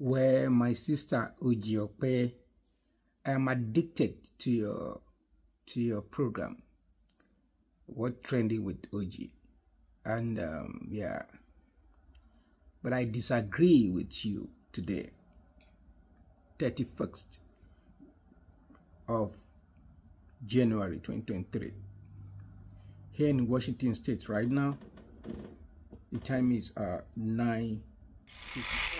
Where my sister Ujiope. I am addicted to your to your program. What trending with Oji, and um, yeah, but I disagree with you today. Thirty first of January twenty twenty three. Here in Washington State right now, the time is uh nine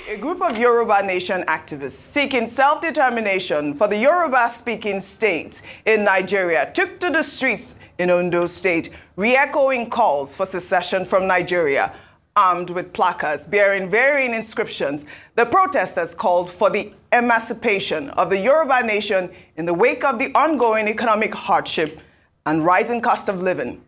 a group of Yoruba Nation activists seeking self determination for the Yoruba speaking state in Nigeria took to the streets in Ondo State, re echoing calls for secession from Nigeria, armed with placards bearing varying inscriptions. The protesters called for the emancipation of the Yoruba Nation in the wake of the ongoing economic hardship and rising cost of living.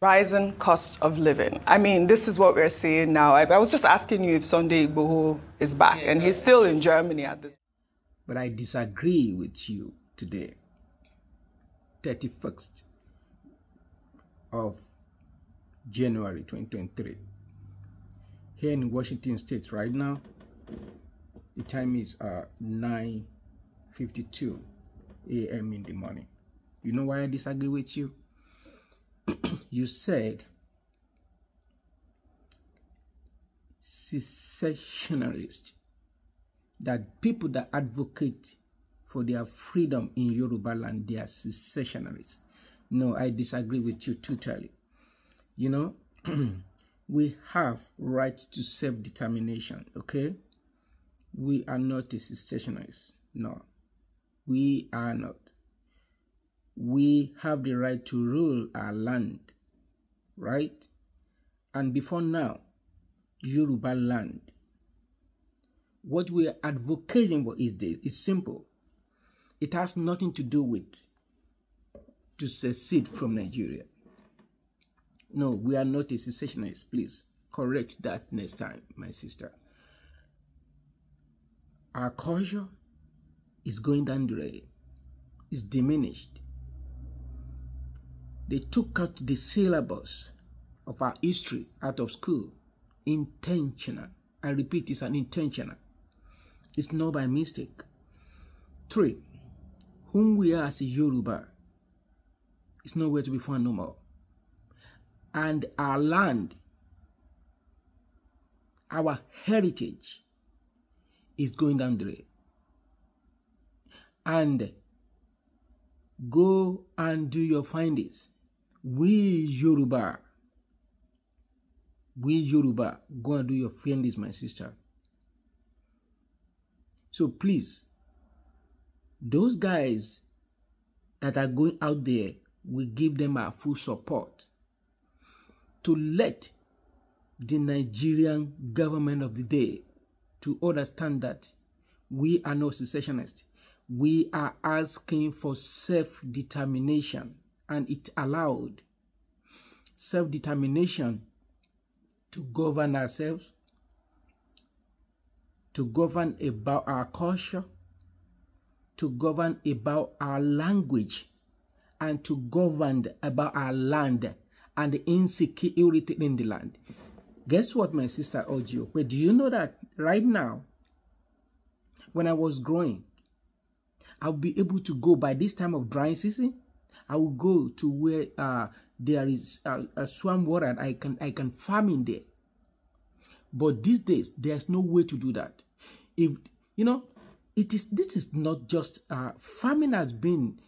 Rising cost of living. I mean, this is what we're seeing now. I, I was just asking you if Sunday Igboho is back, yeah, and he's still in Germany at this. But I disagree with you today. 31st of January 2023. Here in Washington State right now, the time is uh 9 52 a.m in the morning you know why i disagree with you you said secessionists that people that advocate for their freedom in Yoruba land, they are secessionists. No, I disagree with you totally. You know, we have right to self-determination, okay? We are not secessionists. No, we are not. We have the right to rule our land, right? And before now, Yoruba land. What we are advocating for is this. It's simple. It has nothing to do with to secede from Nigeria. No, we are not a secessionist. Please correct that next time, my sister. Our culture is going down the drain, it's diminished. They took out the syllabus of our history out of school. Intentional. I repeat, it's an intentional. It's not by mistake. Three, whom we are as a Yoruba is nowhere to be found no more. And our land, our heritage, is going down the rail. And go and do your findings. We Yoruba, we Yoruba, go and do your findings, my sister. So please, those guys that are going out there, we give them our full support to let the Nigerian government of the day to understand that we are no secessionists. We are asking for self-determination and it allowed self-determination to govern ourselves, to govern about our culture, to govern about our language, and to govern about our land and the insecurity in the land. Guess what, my sister Ojo? But do you know that right now, when I was growing, I'll be able to go by this time of dry season. I will go to where uh, there is uh, a swamp water and I can I can farm in there. But these days, there's no way to do that. If you know, it is this is not just uh, farming has been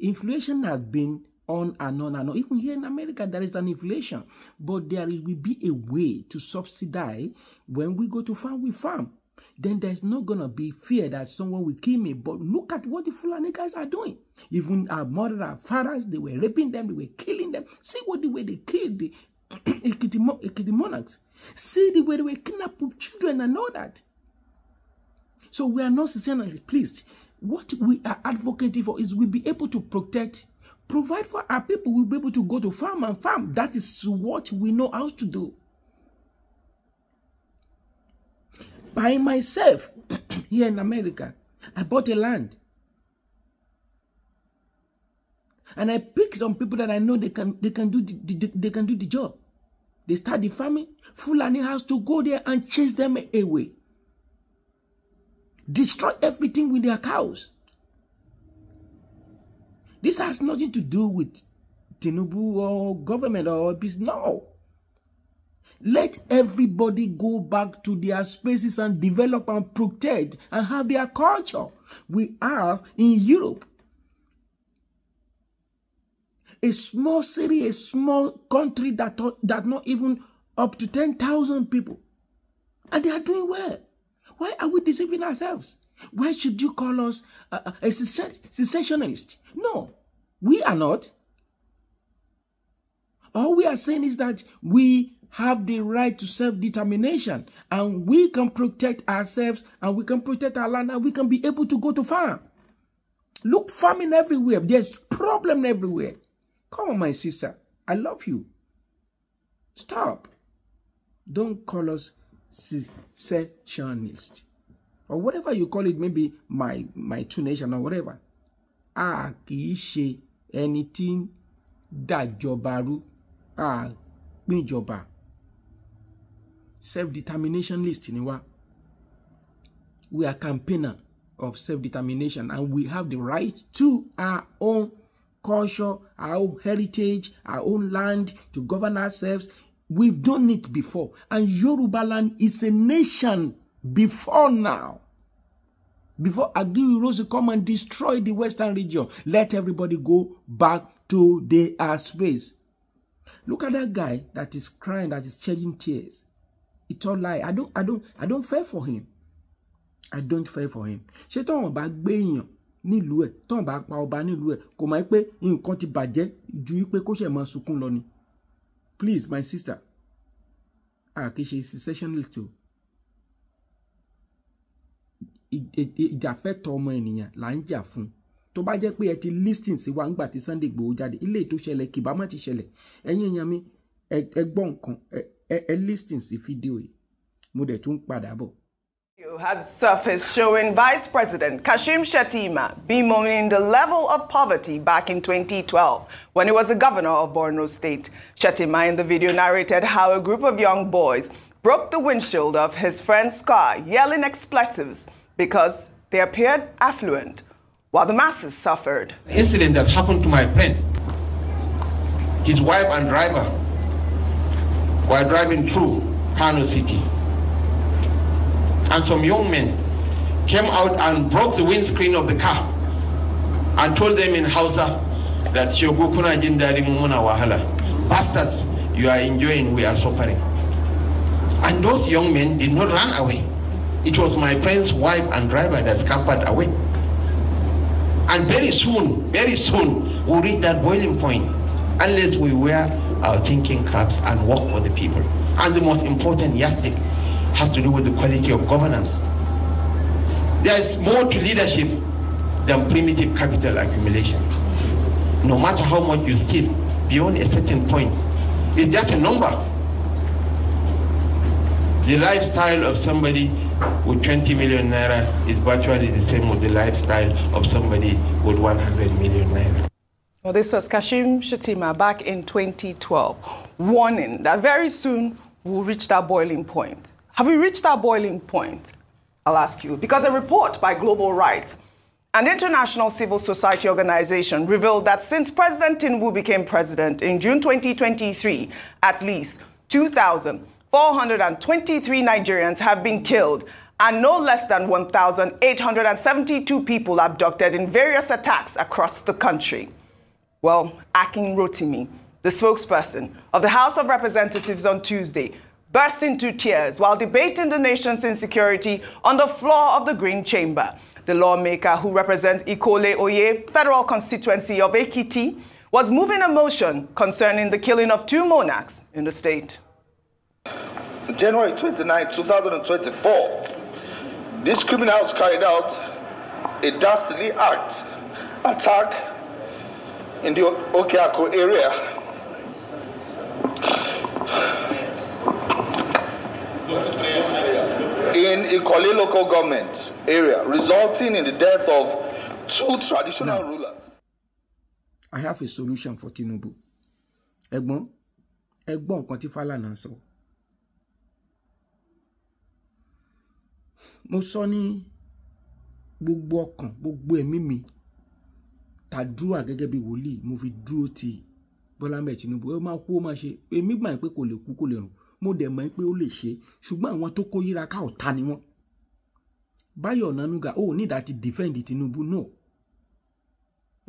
inflation has been on and on and on. Even here in America, there is an inflation, but there is, will be a way to subsidize when we go to farm with farm. Then there's not gonna be fear that someone will kill me. But look at what the Fulani guys are doing. Even our mother, our fathers, they were raping them, they were killing them. See what the way they killed the Ekiti monarchs. See the way they were kidnapping children and all that. So we are not sincerely pleased. What we are advocating for is we'll be able to protect Provide for our people. We'll be able to go to farm and farm. That is what we know how to do. By myself, here in America, I bought a land. And I pick some people that I know they can they can do the, the they can do the job. They start the farming. Fulani has to go there and chase them away. Destroy everything with their cows. This has nothing to do with Tinubu or government or peace. No. Let everybody go back to their spaces and develop and protect and have their culture. We have in Europe. A small city, a small country that, that not even up to 10,000 people. And they are doing well. Why are we deceiving ourselves? Why should you call us a, a sensationalist? No, we are not. All we are saying is that we have the right to self-determination and we can protect ourselves and we can protect our land and we can be able to go to farm. Look, farming everywhere. There's problem everywhere. Come on, my sister. I love you. Stop. Don't call us secessionists. or whatever you call it maybe my my true nation or whatever a kì í ṣe ẹni tí ń dàjọba rú a pínjọba self-determination list ni wa we are campaigner of self-determination and we have the right to our own culture our own heritage our own land to govern ourselves we've done it before and Yoruba land is a nation before now, before Abdul rose come and destroy the Western region, let everybody go back to their space. Look at that guy that is crying, that is shedding tears. It's all lie. I don't, I don't, I don't fear for him. I don't fear for him. Ṣé tọ́wọ̀n bá gbé èèyàn nílùú ẹ̀ tọ́wọ̀n bá pa ọba nílùú ẹ̀ kò máa pé nǹkan ti bàjẹ́ ju pé kó ṣẹ̀ máa sunkún lọ ni. Please my sister, a kì í ṣe secession little ìjàfẹ́tọ̀ ọmọ ènìyàn là ń jà fún tó bá jẹ́ pé ẹ ti listing sí wa ńgbà tí Sunday Igboho jáde ilé tó ṣẹlẹ̀ kì má ti ṣẹlẹ̀ ẹ̀yin èèyàn mi ẹ gbọ́ nǹkan ẹ listing sí fídíò yìí mo dẹ̀ tún padà bọ̀. has surfaced showing Vice President Kashim Shatima bemoaning the level of poverty back in 2012 when he was the governor of Borno State. Shatima in the video narrated how a group of young boys broke the windshield of his friend's car, yelling expletives because they appeared affluent, while the masses suffered. incident that happened to my friend, his wife and driver, while driving through Kano City. And some young men came out and broke the windscreen of the car and told them in Hausa that Shogu kuna jin mumuna wahala. Bastards, you are enjoying, we are suffering. And those young men did not run away. It was my friend's wife and driver that scampered away. And very soon, very soon, we'll reach that boiling point unless we wear our thinking caps and work for the people. And the most important yardstick has to do with the quality of governance. There is more to leadership than primitive capital accumulation. No matter how much you steal, beyond a certain point, it's just a number the lifestyle of somebody with 20 million naira is virtually the same with the lifestyle of somebody with 100 million naira. Well, this was Kashim Shatima back in 2012, warning that very soon we'll reach that boiling point. Have we reached that boiling point? I'll ask you. Because a report by Global Rights, an international civil society organization, revealed that since President Tinwu became president in June 2023, at least 2,000 423 Nigerians have been killed and no less than 1,872 people abducted in various attacks across the country. Well, Akin Rotimi, the spokesperson of the House of Representatives on Tuesday, burst into tears while debating the nation's insecurity on the floor of the Green Chamber. The lawmaker who represents Ikole Oye, federal constituency of Ekiti, was moving a motion concerning the killing of two monarchs in the state. January 29, 2024, these criminals carried out a dastardly act, attack in the Okiako area. In Ikole local government area, resulting in the death of two traditional now, rulers. I have a solution for Tinubu. Ẹ̀gbọ́n, ẹ̀gbọ́n nǹkan tí mo sọ ní gbogbo ọkàn gbogbo ẹ̀mí mi tàdúrà gẹ́gẹ́ bí wòlíì mo fi dúró ti Bọ́lá mẹ́ẹ̀ Tinubu ó máa kú ó máa ṣe èmi gbà pé kò lè kú kò lè rùn mo dẹ̀ mọ̀ pé ó lè ṣe ṣùgbọ́n àwọn tó kó yíra ká ọ̀tá ni wọ́n Báyọ̀ Ọ̀nànúgà ó ní láti defend Tinubu náà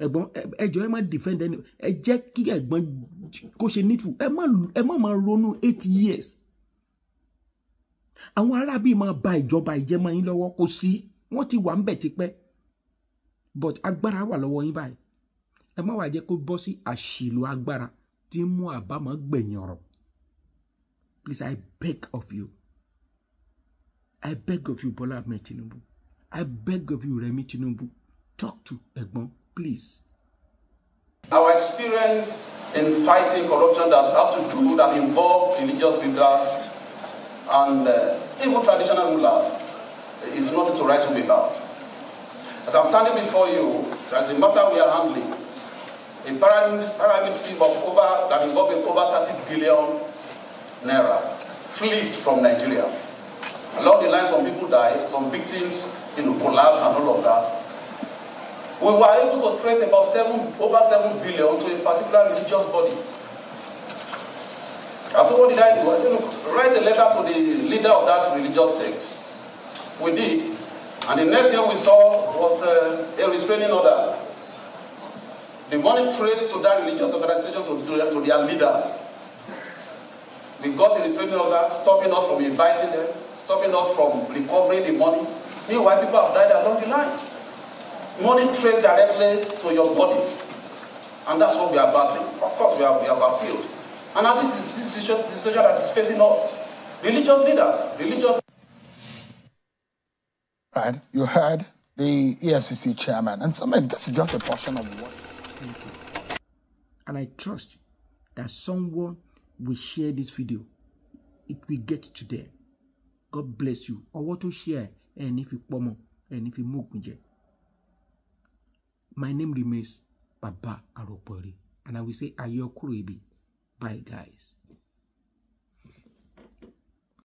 ẹ̀gbọ́n ẹjọ́ ẹ má defend ẹni ẹ jẹ́ kí ẹ̀gbọ́n kó ṣe needful ẹ má máa ronú eight years àwọn arábì máa ba ìjọba ìjẹmọ yín lọ́wọ́ kò sí wọ́n ti wà ń bẹ̀ tipẹ́ but agbára wà lọ́wọ́ yín báyìí ẹ má wàá jẹ́ kó bọ́ sí àṣìlò agbára tí ń mú àbámọ̀ gbẹ̀yìn ọ̀rọ̀ please i beg of you i beg of you Bola Ahmed Tinubu i beg of you Remi Tinubu talk to Egbon, please. our experience in fighting corruption that have to do that involve religious leaders and uh, even traditional rulers is nothing to write home about. As I'm standing before you, there's a matter we are handling. A pyramid, pyramid scheme of over, that involving over 30 billion naira fleeced from Nigerians. Along the lines, some people died, some victims, you know, collapsed and all of that. We were able to trace about seven, over 7 billion to a particular religious body. I said, what did I do? I said, look, write a letter to the leader of that religious sect. We did. And the next thing we saw was uh, a restraining order. The money traced to that religious organization to, to, to their leaders. We got a restraining order stopping us from inviting them, stopping us from recovering the money. Meanwhile, people have died along the line. Money traced directly to your body. And that's what we are battling. Of course, we have, we have appealed. And now this is this is the situation that is facing us. Religious leaders, religious. Right, you heard the EFCC chairman, and so, this is just a portion of what. And I trust that someone will share this video. It will get to them. God bless you. Or what to share, and if you pomo, and if you mukunje. My name remains Baba Aropori, and I will say Ayokuro Bye, guys.